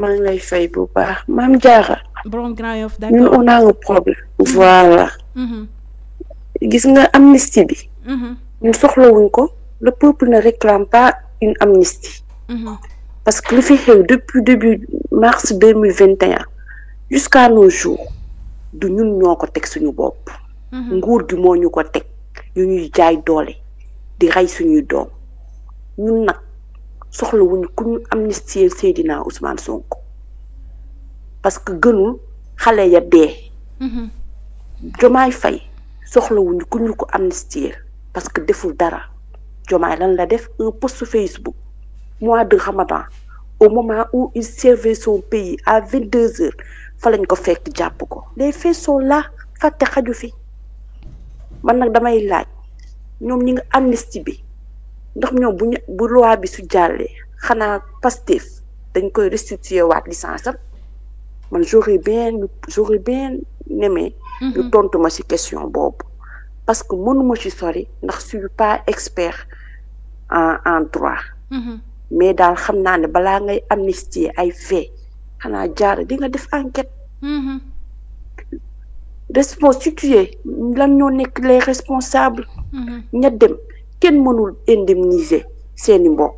maa ngi lay fay bu baax maam Diarra. borom Grand Yoff ñun on a problème. Mm-hmm. voilà. Mm-hmm. gis nga amnistie bi. Mm-hmm. ñun soxlawuñ ko le peuple ne réclame pas une amnistie. parce que lu fi xew depuis début mars mille vingt et un jusqu'à nos jours du ñun ñoo ko teg suñu bopp. nguur gi moo ñu ko teg ñu ñuy jaay doole di rey suñuy doom ñun nag. soxlawuñu ku ñu amnistier Seydina Ousmane Sonko parce que gënul xale ya dee. Mhm. Jomaay Faye soxlawuñu ku ñu ko amnistier parce que deful dara Jomaay lan la def un post Facebook mois de Ramadan au moment où il servait son pays à vingt 22 heures fa lañ ko fekk jàpp ko les faits sont là fàtte xaju fi man nag damay laaj ñoom ñi nga amnistie bi. ndax ñoom bu ñu bi su jàllee xanaa Pastef dañ koy restituer waat licence am man j'aurais bien j'aurais bien aimé mhm. ñu tontu ci question boobu parce que mënuma ci sori ndax je suis pas expert en droit mhm. mais daal xam naa ne balaa ngay amnistier ay fait xanaa jaar dinga def enquête mhm. respons situé lan ñoo nekk les responsables ña dem kenn mënul indemniser seeni mbokk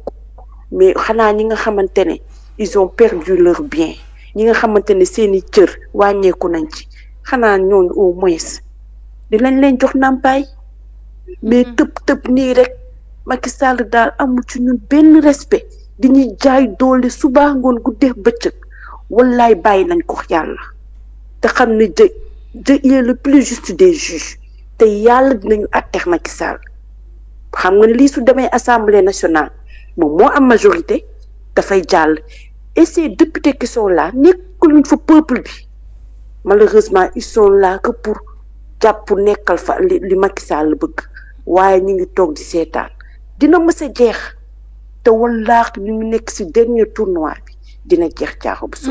mais xanaa ñi nga xamante ne ils ont perdu leur bien ñi nga xamante ne seeni cër wàññeeku nañ ci xanaa ñooñu au moins dinañ leen jox nàmpaay mais mm-hmm. tëb tëb nii rek Macky Sall daal amul ci ñun benn respect di ñuy jaay doole suba ngoon guddeef bëccëg wallaay bàyyi nañ ko yàlla te xam ne Dieu Dieu il le plus juste des juges te yàlla dinañu àtteex Macky Sall xam nga ne lii su demee assemblée nationale moom moo am majorité dafay jàll et ces députés qui sont là nekkuluñ fa peuple bi malheureusement ils sont là que pour jàpp nekkal fa li li Macky bëgg waaye ñu ngi toog di seetaan dina mës jeex te wallaax ñu ngi nekk ci dernier tournoi bi dina jeex caaxu bu so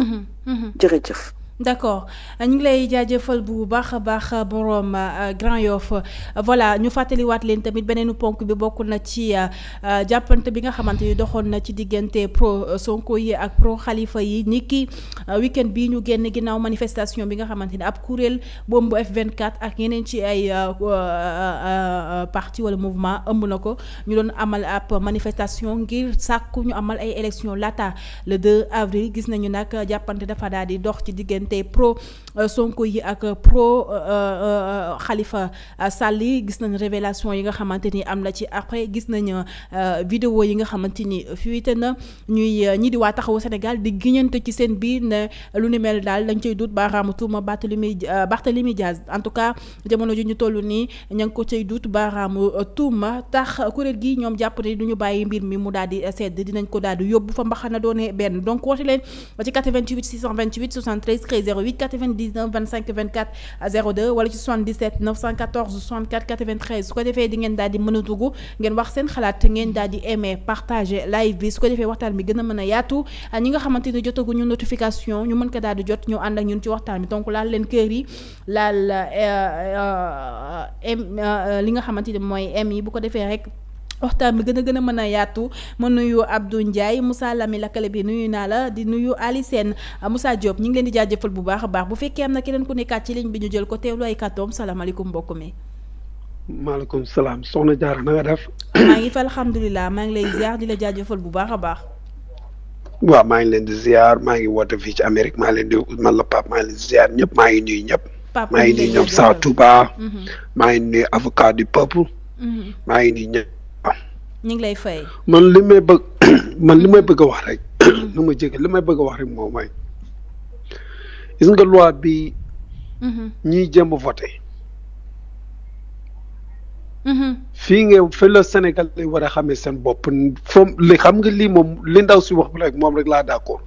jërëjëf d'accord ñu ngi lay jaajëfal bu baax a baax borom euh, Grand Yoff voilà ñu fàttaliwaat leen tamit beneen ponk bi bokk na ci euh, euh, jàppante bi nga xamante ni doxoon na ci diggante pro Sonko yi ak pro xalifa yi ni ki weekend bii ñu génn ginnaaw manifestation bi nga xamante ni ab kuréel bombu F24 ak yeneen ci ay parti wala mouvement ëmb na ko ñu doon amal ab manifestation ngir sàkku ñu amal ay élection laata le avril gis nañu nag jàppante dafa daal di dox ci diggante. diggante pro euh, Sonko yi ak euh, pro xalifa euh, Sall yi gis nañ révélation yi nga xamante ni am na ci après gis nañ vidéo yi nga xamante ni fuite na ñuy ñi di waa taxawu Sénégal di giñante ci seen biir ne lu ni mel daal lañ cay dut baaraamu tuuma Barthélemy Barthélemy Diaz en tout cas jamono ji ñu toll nii ña ngi ko cay dut baaraamu tuuma tax kuréel gi ñoom jàpp ne du ñu bàyyi mbir mi mu daal di sedd dinañ ko daal di yóbbu fa mbaxana doone benn donc woote leen ci 88 628 après 08 99 25 24 02 wala ci 77 914 64 93 su ko defee di ngeen daal di mën a dugg ngeen wax seen xalaat ngeen daal di aimer partager live bi su ko defee waxtaan bi gën a mën a yaatu ah, ñi nga xamante ni jotaguñu notification ñu mën ko daal di jot ñu ànd ak ñun ci waxtaan bi donc laal leen kër yi laal euh, euh, euh, li nga xamante ni mooy m yi bu ko defee rek waxtaan bi gën a gën a mën a yaatu ma nuyu Abdou Ndiaye Moussa Lamy lakkale bi nuyu naa la di nuyu Ali Sène ah, Moussa Diop ñi ngi leen di jaajëfal bu baax baax bu fekkee am na keneen ku nekkaat ci ko teewlu ay kàddoom salaamaaleykum mbokk mi. salaam soxna Diarra na nga def. maa ngi maa ngi lay ziar di la jaajëfal bu baax a baax. waaw maa ngi leen di ziar maa ngi woote fii ci Amérique maa ngi leen di man la Pape maa ngi leen di ziar ñëpp maa nuyu ñëpp. Mm-hmm. maa ngi nuyu ñoom mm-hmm. Saa maa ngi nuyu ñëpp ñu ngi lay fay. man li may bëgg man li may bëgg a wax rek. nu ma jéggi li may bëgg a wax rek moom mooy gis nga loi bi. Mm-hmm. ñiy jéem a mm-hmm. fii nga fi la Sénégal lay war a xamee seen bopp foom li xam nga lii moom li ndaw si wax bi rek moom rek laa d'accord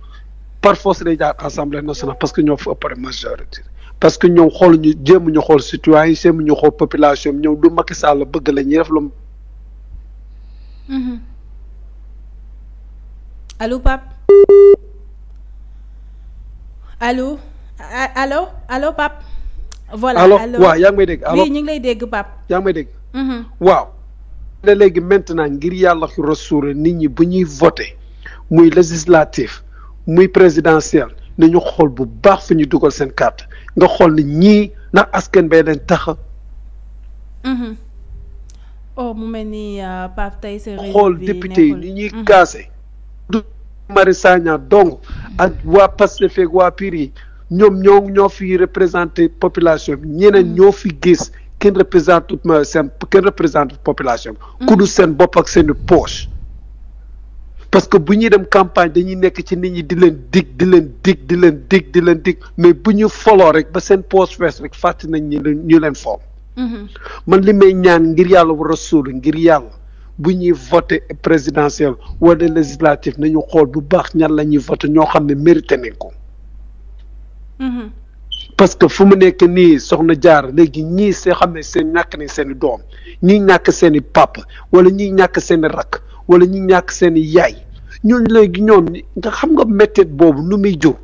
par force day jaar assemblée nationale parce que ñoo fa ëpp majorité parce que ñoom xool ñu jéem ñu xool citoyen yi ñu xool population ñëw du Macky Sall bëgg la ñuy def lu Mm-hmm. allo Pape alo allo alo Pape. voilà alo waaw yaa ngi dégg allo oui ñu ngi lay dégg Pape. yaa ngi dégg. Mm-hmm. waaw. da léegi maintenant ngir yàlla xu rasuul nit ñi bu ñuy voté muy législatif muy présidentiel nañu xool bu baax fi ñu dugal seen carte nga xool ni ñii ndax askan bee leen tax. Mm-hmm. oh mu mel ni uh, tey sa xool député yi ni ñuy gaase. du donc ak waa Pastef ak waa Pire yi ñoom ñoo ñoo fi représenté population ñeneen mm. ñoo fi gis kenn représente euh, seen kenn représente population bi. Mm. ku dul seen bopp ak seen poche. parce que bu ñuy dem campagne dañuy nekk ci nit ñi di leen dig di leen dig di leen dig di leen dig mais bu ñu foloo rek ba seen poche fees rek fàtte nañ ñu leen ñu Mm-hmm. man li may ñaan ngir yàlla war wa rasul ngir yàlla bu ñuy voté présidentiel wala législatif nañu xool bu baax ñan lañuy ñuy ñoo xam ne mérité nañ ko. Mm-hmm. parce que fu mu nekk nii soxna jaar léegi ñii see xamee seen ñàkk nañ seen doom ñii ñàkk seeni i wala ñii ñàkk seen i wala ñii ñàkk seeni yaay ñooñu léegi ñoom nga xam nga métteet boobu nu muy jur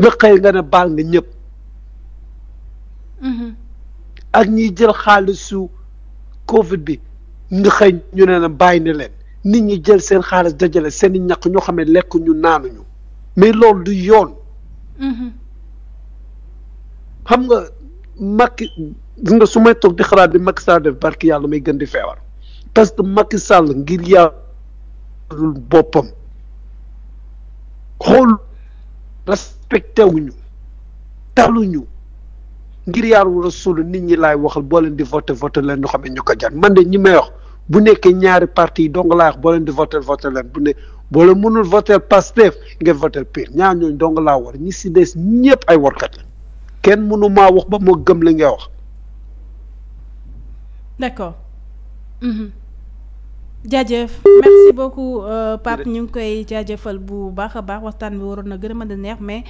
nga xëy nga ne baal nga ñëpp. Mm-hmm. ak ñi jël xaalisu Covid bi nga xëy ñu ne la bàyyi na leen nit ñi jël seen xaalis dajale seeni i ñaq ñoo xam ne lekk naanuñu mais loolu du yoon. Mm-hmm. xam nga Macky nga su may toog di xalaat bi Macky Sall def barki yàlla may gën di feebar parce que Macky Sall ngir yàllul boppam xool respecté wuñu ngir a suul nit ñi laay waxal boo leen di voté voté leen ñu xam ne ñu ko jar man de ñi may wax bu nekkee ñaari parti yi dong laa wax boo leen di voté voté leen bu ne boo leen mënul voté Pastef ngeen voté PUR ñaar ñooñu dong laa war ñi si des ñëpp ay warkat la kenn mënu maa wax ba moo gëm li ngay wax. d'accord. Mm-hmm. jaajëf merci beaucoup euh, Pape ñu ngi koy jaajëfal bu baax a baax waxtaan bi waroon na gën a mën a neex mais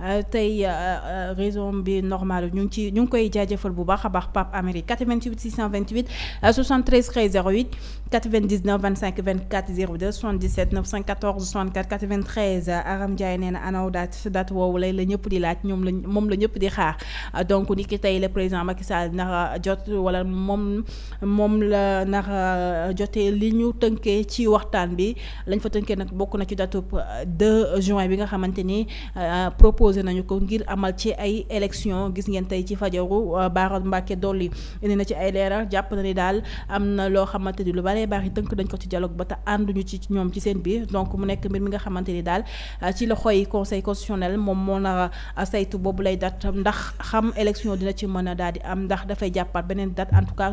euh, tey euh, raison bi normal ñu ngi ci ñu ngi koy jaajëfal bu baax a baax Pape Amary 88 628 73 13 08 99 25 24 02 77 914 64 93 Aram Ndiaye nee na anaw daat daat woowu lay la ñëpp di laaj ñoom la moom la ñëpp di xaar donc ni ki tey le président Macky Sall nara jot wala moom moom la nara jotee ligne ñu tënkee ci waxtaan bi lañ fa tënkee nag bokk na ci datu 2 euh, juin bi nga xamante ni euh, proposé nañu ko ngir amal ci ay élection gis ngeen tey ci fajaru euh, Baara Mbacke dolli indi na ci ay leeral jàpp na ni daal am na loo xamante ni lu baree baax yi tënk dañ ko ci dialogue ba te ànduñu ci ñoom ci seen biir donc mu nekk mbir mi nga xamante ni daal ci loxoy conseil constitutionnel moom moo nar a saytu boobu lay dat ndax xam élection dina ci mën a daal di am ndax dafay jàppaat beneen dat en tout cas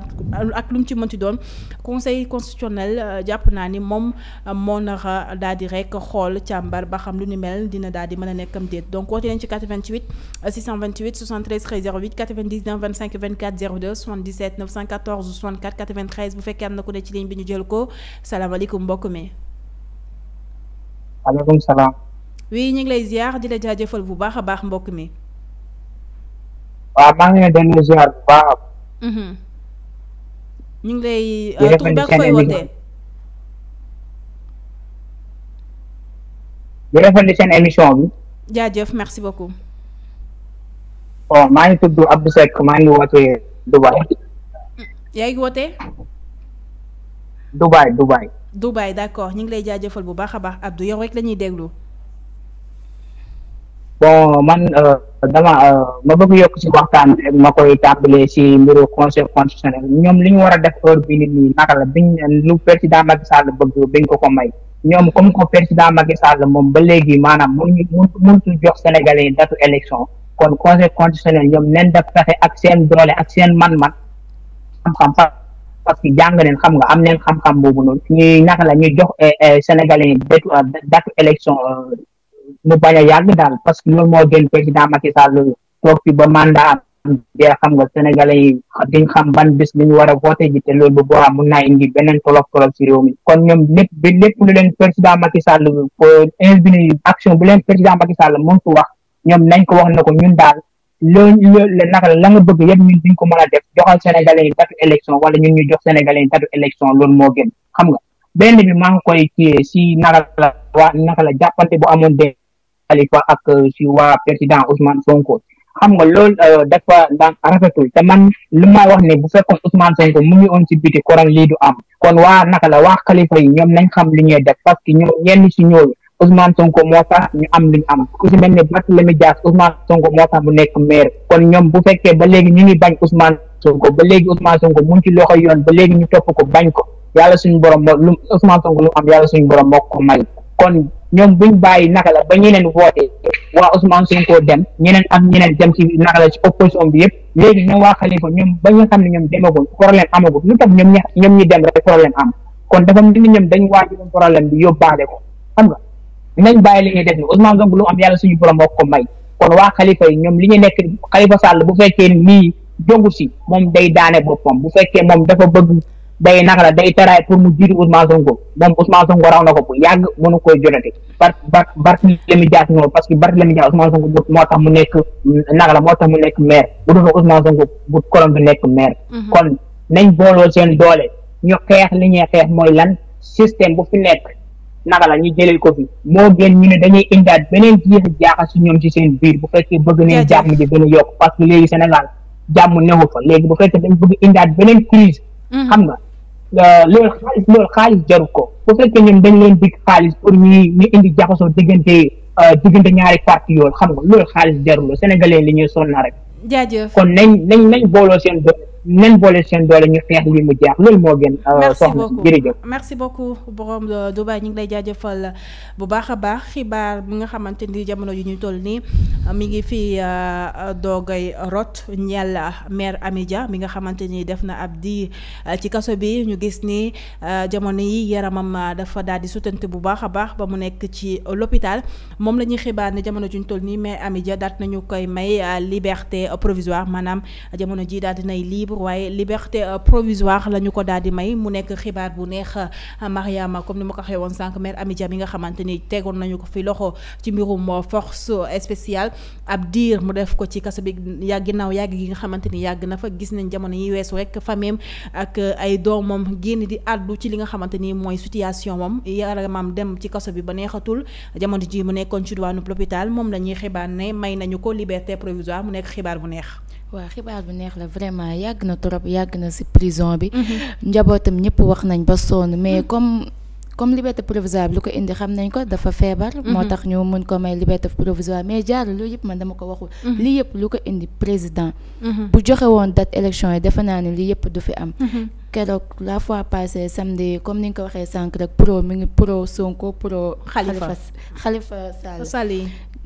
ak lu mu ci mënti doon conseil constitutionnel mel euh, jàpp naa ni moom euh, moo nara daal di rek xool càmbar ba xam lu ni mel dina daal di mën a nekkam déet donc woote leen ci 88 628 73 13 08 99 25 24 02 77 914 64 ku jël ko salaamaaleykum mbokk mi. maaleykum salaam. ñu ngi lay ziar di la jaajëfal bu baax a baax mbokk mi. waaw maa ngi leen di ziar bu baax. Mhm. ñu ngi lay. Euh, tur di rafetlu seen émission bi. jaajëf merci beaucoup. bon maa ngi tudd Abdou Seck maa ngi wootee Dubaay. yaa ngi wootee. Dubaay Dubaay. Dubaay d'accord ñu ngi lay jaajëfal bu baax a baax Abdou yow rek la ñuy déglu. bon man euh, dama euh, ma bëgg yokk ci waxtaan bi ma koy tàmbalee ci mbiru conseil constitutionnel ñoom li ñu war a def heure bi nit ñi naka la biñ lu président Macky Sall bëgg biñ ko ko may. ñoom comme que président Macky Sall moom ba léegi maanaam mënuñu mënuñu jox sénégalais yi datu élection kon conseil constitutionnel ñoom nen def fexe ak seen doole ak seen man-man xam-xam parce que jàng neen xam nga am neen xam-xam boobu noonu ñuy naka la ñuy jox eh, eh, sénégalais yi datu euh, datu élection euh, mu bañ a yàgg daal parce que loolu moo gën président Macky Sall toog fi ba mandat bee xam nga sénégalais yi diñ xam ban bis li ñu war a voté ji te loolu bu boobaa mun naa indi beneen tolof tolof si réew mi kon ñoom lépp ba lépp lu leen président Macky Sall invité action bu leen président Macky Sall mëntu wax ñoom nañ ko wax na ko ñun daal loolu naka la la nga bëgg yëpp ñun duñ ko man a def joxal sénégalais yi datu élection wala ñun ñu jox sénégalais yi datu élection loolu moo gën xam nga benn bi maa ngi koy ci si naka la waa naka la jàppante bu amoon de Khalifa ak si euh, wa président Ousmane Sonko xam nga loolu euh, dafa daan rafetul te man li may wax ne bu fekkoon Ousmane Sonko mu ngi woon ci biti koran lii du am kon waa naka la waa xalifa yi ñoom nañ xam li ñuy def parce que ñoo ñenn si ñooñu Ousmane Sonko moo tax ñu am lu am ku si mel ne Barthélémy Dias Ousmane Sonko moo tax mu nekk maire kon ñoom bu fekkee ba léegi ñu ngi bañ Ousmane Sonko ba léegi Ousmane Sonko mu ngi ci loxo yoon ba léegi ñu topp ko bañ ko yàlla suñu borom moo lu Ousmane lu am yàlla suñu ko may kon ñoom buñ bàyyi naka la ba ñeneen voté waa Ousmane Sonko dem ñeneen ak ñeneen dem ci naka la ci opposition bi yëpp léegi ñoom waa Khalifa ñoom ba nga xam ne ñoom demagul problème amagul lu tax ñoom ñoom ñi dem rek problème am kon dafa mel ni ñoom dañ waaju ñoom problème bi yóbbaale ko xam nga nañ bàyyi li ñuy def ni Ousmane Sonko lu am yàlla suñu borom moo ko may kon waa Khalifa yi ñoom li ñu nekk Khalifa Sall bu fekkee nii jogu si moom day daane boppam bu fekkee moom dafa bëgg day naka la day teraay pour mu jiitu Ousmane Sonko moom Ousmane raw na ko bu yàgg mënu koy jonati bar bar Barthélémy Dias ñëw parce que Barthélémy Dias Ousmane Sonko but moo tax mu nekk naka la moo tax mu nekk mhm. doole ñu xeex li ñuy xeex mooy lan système bu fi nekk naka la ñu jëlee ko fi moo gën ñu ne dañuy indaat beneen jiix jaaxa si ñoom si seen biir bu fekkee bëgg nañ jàmm ji gën a yokk parce que léegi Sénégal jàmm newu fa léegi bu fekkee dañ bëgg indaat beneen crise mhm. xam nga Euh, loolu loolu xaalis jaru ko bu fekkee ñoom dañ leen dig xaalis pour ñuy ñu indi jaxasoo diggante euh, diggante ñaari parti yoon xam nga loolu xaalis jaru la sénégalais li ñuy sonna rek. jaajëf kon nañ nañ nañ booloo seen doole nañ boole seen doole ñu xeex li mu jeex loolu moo gën. Euh, soxna jërëjëf merci beaucoup borom euh, Dubaay ñu ngi lay jaajëfal bu baax a baax xibaar bi nga xamante ni jamono yu ñu toll nii euh, mi ngi fi doogay rot ñeel maire Amy ja mi nga xamante ni def na ab di ci kaso bi ñu gis ni jamono yi yaramam dafa daal di sutante bu baax a baax ba mu nekk ci l'hôpital moom la ñuy xibaar ne jamono ju ñu toll nii maire Amy Dia daat nañu koy may liberté provisoire maanaam jamono ji daal di nay libre waaye liberté euh, provisoire la ñu ko daal di may mu nekk xibaar bu neex euh, Mariama comme ni ma ko waxee woon sànq maire Amidia mi nga xamante ni tegoon nañu ko fi loxo ci mbirum euh, force spéciale ab diir mu def ko ci kaso bi yàgg naw yàgg gi nga xamante ni yàgg na fa gis nañ jamono yi weesu rek fameem ak ay doomam génn di àddu ci li nga xamante ni mooy situation moom yaramam dem ci kaso bi ba neexatul jamono ji mu nekkoon ci diwaanu l'hôpital moom la ñuy xibaar ne may nañu ko liberté provisoire mu nekk xibaar bu neex waaw xibaar bu neex la vraiment yàgg na trop yàgg na ci prison bi. Mhm. njabootam ñëpp wax nañ ba sonn mais mhm. comme. comme liberté provisoire bi lu ko indi xam nañ ko dafa feebar. Mhm. moo tax ñu mun ko may liberté provisoire mais jaar loolu yëpp man dama ko waxul. lii yëpp lu ko indi président. bu joxe woon date élection yi defe naa ne lii yëpp du fi am. keroog la fois passée samedi comme ni nga ko waxee sànq rek pro mi ngi pro Sonko pro. Khalifa Khalifa Sall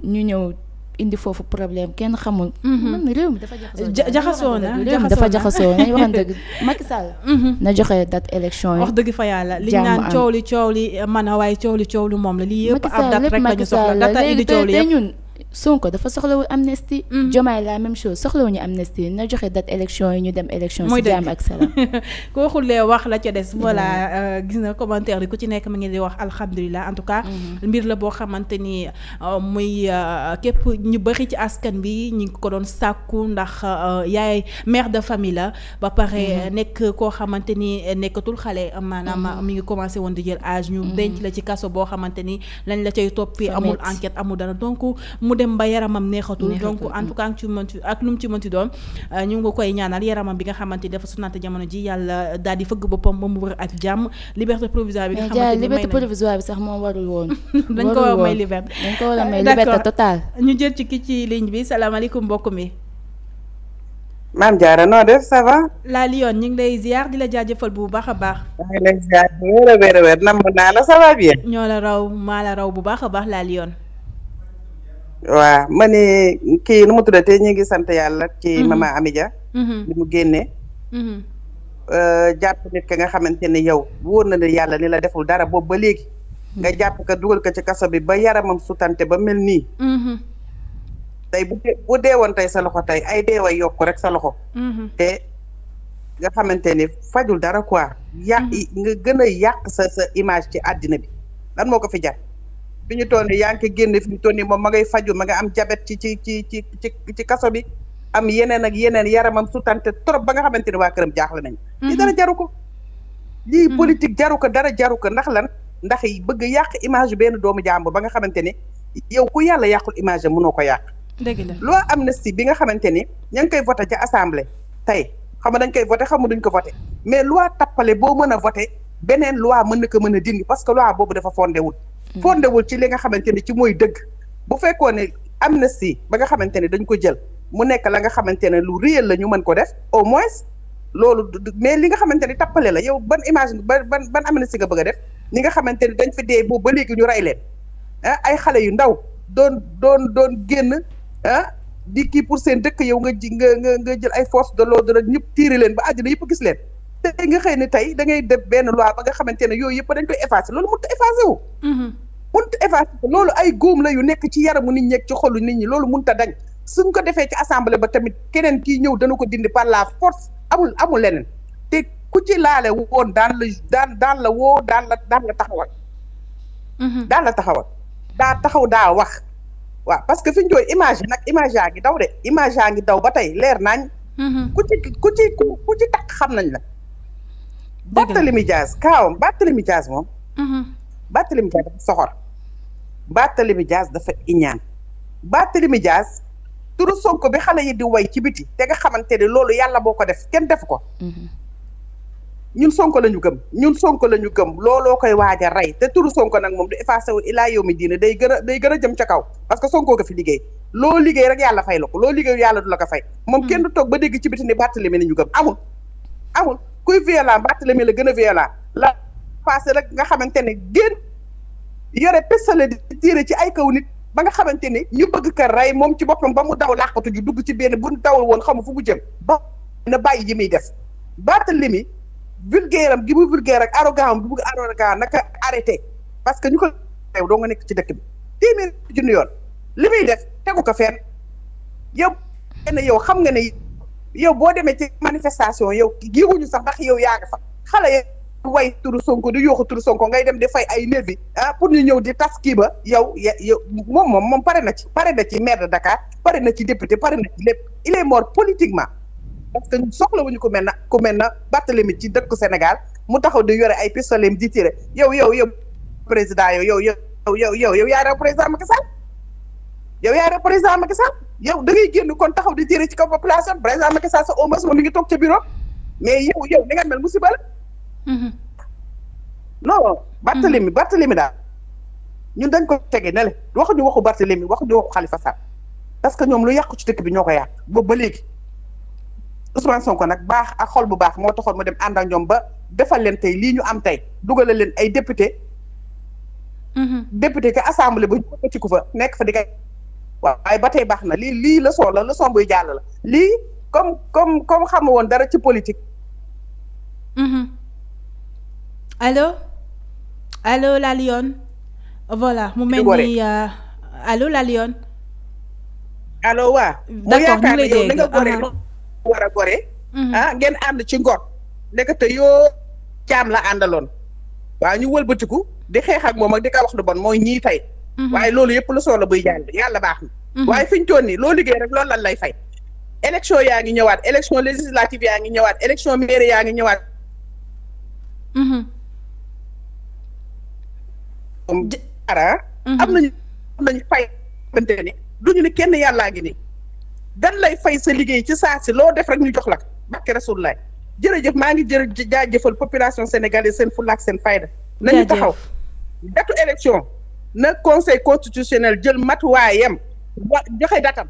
ñu ñëw. indi foofu problème kenn xamul. Mhm. man réew mi dafa jaxasoo. jaxasoo na réew mi dafa jaxasoo nañu waxan dëgg Macky Sall. Mhm. na joxe date élection yi. wax dëgg fa yàlla li ñu naan coow li coow li man a waaye coow li coow li moom la lii yëpp ab date rek la ñu soxla data indi coow li yëpp Sonko dafa soxlawul amnistie. Mhm. Diomaye la même chose soxlawuñu amnistie na joxe date élection yi ñu dem élection. si jàmm ak salaam. ku waxulee wax la ca des. Mhm. voilà euh, gis na commentaire yi ku ci nekk ma ngi di wax alhamdulilah en tout cas. Mhm. mbir la boo xamante ni euh, muy euh, képp ñu bari ci askan bi ñu ngi ko doon sàkku ndax yaay mère de famille la. ba pare nekk koo xamante ni nekkatul xale maanaam mu ngi commencé woon di jël âge. ñu denc la ci kaso boo xamante ni lañ la cay toppi amul enquête amul dara dem ba yaramam neexatul donc en mm. tout cas ci mënti ak lu mu ci mënti doon euh, ñu ngi koy ñaanal yaramam bi nga xamante dafa sunaate jamono ji yàlla daal di fëgg boppam ba mu wër ak jàmm liberté provisoire bi bi sax moom warul woon dañ ko war may liberté dañ ko war a may euh, liberté totale ñu jël ci ki ci ligne bi salaamaaleykum mbokk mi maam Diarra noo def ça laa Lyon ñu ngi lay ziar di la jaajëfal bu baax a baax. maa ngi a a naa la ça va bien. ñoo la raw maa la raw bu baax a baax laa Lyon. waa ma ne kii nu mu tuddate ñu ngi sant yàlla ci mm-hmm. mama Amidia li mm-hmm. mu mm-hmm. euh, jàpp nit ka nga xamante ne yow woon na ne yàlla ni la deful dara boobu ba léegi nga jàpp ka dugal ko ci kaso bi ba yaramam sutante ba mel nii tey bu dee bu deewoon tey sa loxo tey ay deewa yokk rek sa loxo te nga xamante ne fajul dara quoi yàq nga gën a yàq sa image ci àddina bi lan moo ko fi fi ñu toll nii yaa ngi génne fi ñu toll nii moom ma faju ma nga am jabet ci ci ci ci ci ci kaso bi am yeneen ak yeneen yaramam sutante trop ba nga xamante ne waa këram jaaxle nañ lii mhm. dara jaru ko. lii mhm. politique jaru ko dara jaru ko ndax lan ndax bëgg yàq image benn doomu jàmbur ba nga xamante ne yow ku yàlla yàqul image am mënoo ko yàq. dëgg la loi amnistie bi nga xamante ni ña ngi koy voté ca assemblée tey xam nga dañ koy voté xam nga duñ ko voté mais loi tappale boo mën a voté beneen loi mën na mën a dindi parce que loi boobu dafa fondé wul. fondewul ci li nga xamante ni ci mooy dëgg bu fekkoon ne amnistie ba nga xamante ne dañ ko jël mu nekk la nga xamante ne lu réel la ñu mën ko def au moins loolu mais li nga xamante ni tappale la yow ban image ban ban ban amnistie nga bëgg def ñi nga xamante ni dañ fi dee boobu ba léegi ñu rey leen ah ay xale yu ndaw doon doon doon génn ah di kii pour seen dëkk yow nga ji nga nga nga jël ay force de l'ordre rek ñëpp tiiri leen ba àddina yëpp gis leen tey nga xëy ne tey da ngay def benn loi ba nga xamante ne yooyu yëpp dañ koy effacé loolu mënut a wu mm-hmm. mënut évacuer ko loolu ay góom la yu nekk ci yaramu nit ñeek ci xolu nit ñi loolu mënut a dañ suñ ko defee ci assemblée ba tamit keneen kii ñëw dana ko dindi par la force amul amul leneen te ku ci laale woon daan la daan daan la woo daan la daan la taxawal. Mhm. daan la daa taxaw daa wax. waaw parce que fi ñu image nag image yaa ngi daw de image yaa ngi daw ba tey leer nañ. Mhm. ku ci ku ci ku xam nañ la. dëgg la Barthélémy Dias kaawam Barthélémy Dias moom. Mhm. Barthélémy Dias dafa soxor. Barthélémy Dias dafa iñaan Barthélémy Dias turu Sonko bi xale yi di way ci biti te nga xamante ne loolu yàlla boo ko def kenn def ko mhm. ñun Sonko la ñu gëm ñun Sonko la ñu gëm looloo koy waaj rey te turu Sonko nag moom du effacé wu ilaa yow mi diine day gën a gën a jëm ca kaw parce que Sonko ko fi liggéey loo liggéey rek yàlla fay la ko loo liggéey yàlla du la ko fay moom mhm. kenn du toog ba dégg ci biti ni Barthélémy la ñu gëm amul amul kuy violent Barthélémy la gën a la passé rek nga xamante ne génn yëre pistolet di tiire ci ay kaw nit ba nga xamante ni ñu bëgg ko rey moom ci boppam ba mu daw làqatu ju dugg ci benn bu ñu dawul woon xamu fu mu jëm ba na bàyyi yi muy def mi vulgaire am gi mu vulgaire ak arrogant bu bëgg arrogant naka arrêté parce que ñu ko rew doo nga nekk ci dëkk bi téeméer junni yoon li muy def tegu ko fenn yow kenn yow xam nga ne yow boo demee ci manifestation yow giwuñu sax ndax yow yaa nga fa xale way turu Sonko di yooxu turu Sonko ngay dem di fay ay nervi ah pour ñu ñëw di tas kii ba yow yow moom moom moom pare na ci pare na ci maire de Dakar pare na ci député pare na ci lépp il est mort politiquement parce que soxlawuñu ku mel na ku mel na Barthélemy ci dëkku Sénégal mu taxaw di yore ay pistolet di tiré yow yow yow président yow yow yow yow yow yow yaa rew président Macky Sall yow yaa rew président Macky Sall yow da ngay génn kon taxaw di tiré ci kaw population président Macky Sall toog ca bureau mais yow yow Mm-hmm. non Barthélemy mm-hmm. Barthélemy daal ñun dañ ko tege ne le waxuñu waxu Barthélemy waxuñu waxu Khalifa Sall parce que ñoom lu yàqu ci dëkk bi ñoo ko yàq boobu ba léegi Ousmane Sonko nag baax ak xol bu baax moo taxoon mu dem ànd ak ñoom ba defal leen tey lii ñu am tey dugale leen ay député mm-hmm. député que assemblée ba ñu wëkkati fa nekk fa di kay waaw waaye ba tey baax na lii lii leçon la leçon buy jàll la lii comme comme comme xamu woon dara ci politique allo allo la Lyon voilà mu mel ni euh, allo la Lyon. allo waa. d'accord ñu lay dégg nga gore ah. noonu war a gore. Mhm. Ah, ngeen ànd ci ngor. nekk te yoo caam la àndaloon. waa ñu wëlbatiku di xeex ak moom ak di ka wax lu bon mooy ñii tey. Mhm. waaye loolu yëpp lu solo buy jàng yàlla baax na. Mhm. waaye fi ñu toon nii loo liggéey rek loolu lan lay fay. élection yaa ngi ñëwaat élection législative yaa ngi ñëwaat élection mairie yaa ngi ñëwaat. moom dara mhm. am nañu am nañu fay xamante ne duñu ne kenn yàllaa ngi ni dan lay fay sa liggéey ci saa si loo def rek ñu jox lag la barke Rasulullah jërëjëf maa ngi jër jërë jaajëfal population sénégalaise seen fulla ak seen fayda nañu taxaw datu élection na conseil constitutionnel jël matuwaayam wa joxe datam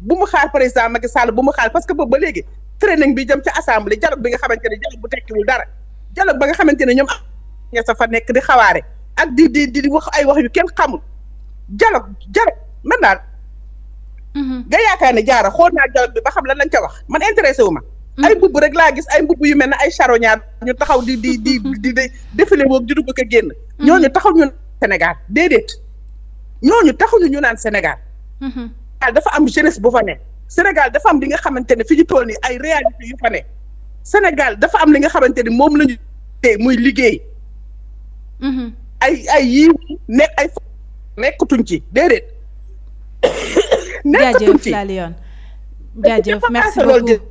bu mu xaar président Macky Sall bu mu xaar parce que boobu ba léegi training bi jëm ci assemblée dialogue bi nga xamante ne dialogue bu tekkiwul dara dialogue ba nga xamante ne ñoom nga sa fa nekk di xawaare ak di di di wax ay wax yu kenn xamul dialogue dialogue man daal. Mm-hmm. ga yaakaar ne jaara xool naa dialogue bi ba xam lan lañ ca wax man intéressé wu ma. Mm-hmm. ay mbubb rek laa gis ay mbubb yu mel ne ay charognard ñu taxaw di di di di di défilé woog di dugg ko génn. Mm-hmm. ñooñu taxaw ñu Sénégal déedéet ñooñu taxuñu ñu ñu naan Sénégal. Sénégal dafa am jeunesse bu fa ne. Sénégal dafa am li nga xamante ne fi ñu toll nii ay réalité yu fa ne. Sénégal dafa am li nga xamante ni moom lañu ñu muy liggéey. ay ay yii nekk ay nekkatuñ ci déedéet. nekkatuñ ci jaajëf Laliane jaajëf merci beaucoup.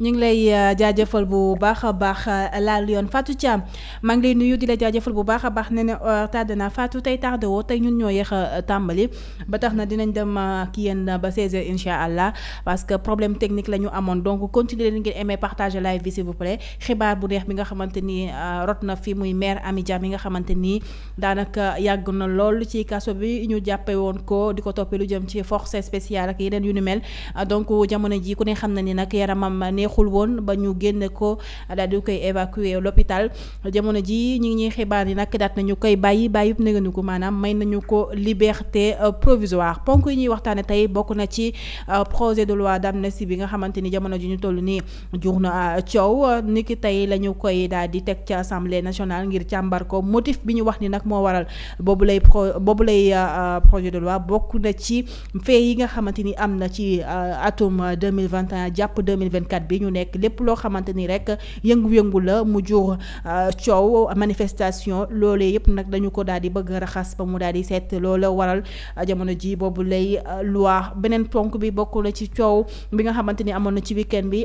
ñu ngi lay euh, jaajëfal bu baax a baax euh, laal yoon Fatou Thiam maa ngi lay nuyu di la jaajëfal bu baax a baax ne na euh, tardé naa Fatou tey tardé woo tey ñun ñoo yéex a tàmbali ba tax na dinañ dem ki yenn ba 16h incha allah parce que problème technique la ñu amoon donc continuer leen ngeen aimer partage live bi s'il vous plaît xibaar bu neex bi nga xamante ni rot na fi muy maire Amy Dia mi nga xamante ni daanaka yàgg na lool ci kaso bi ñu jàppe woon ko di ko toppee lu jëm ci force spéciale ak yeneen yu ni mel donc jamono ji ku na neexul woon ba ñu génne ko daal di koy évacuer l'hôpital jamono ji ñu ngi xibaar yi nag daat nañu koy bàyyi bàyyub néganu ko maanaam may nañu ko liberté euh, provisoire ponk yi ñuy waxtaane tey bokk na ci euh, projet de loi d'amnistie bi nga xamante ni jamono ji ñu toll nii jur na euh, coow niki tey la ñu koy daal teg ci assemblée nationale ngir càmbar ko motif bi ñu wax ni nag moo waral boobu lay pro boobu lay projet de loi bokk na ci fee yi nga xamante ni am na ci atum 2021 jàpp 2024 bi bi ñu nekk lépp loo xamante ni rek yëngu-yëngu la mu jur euh, coow manifestation loolee yëpp nag dañu ko daal di bëgg raxas ba mu daal di seet loola waral euh, jamono ji boobu lay euh, loi beneen ponk bi bokk ci coow bi nga xamante ni amoon na ci weekend bi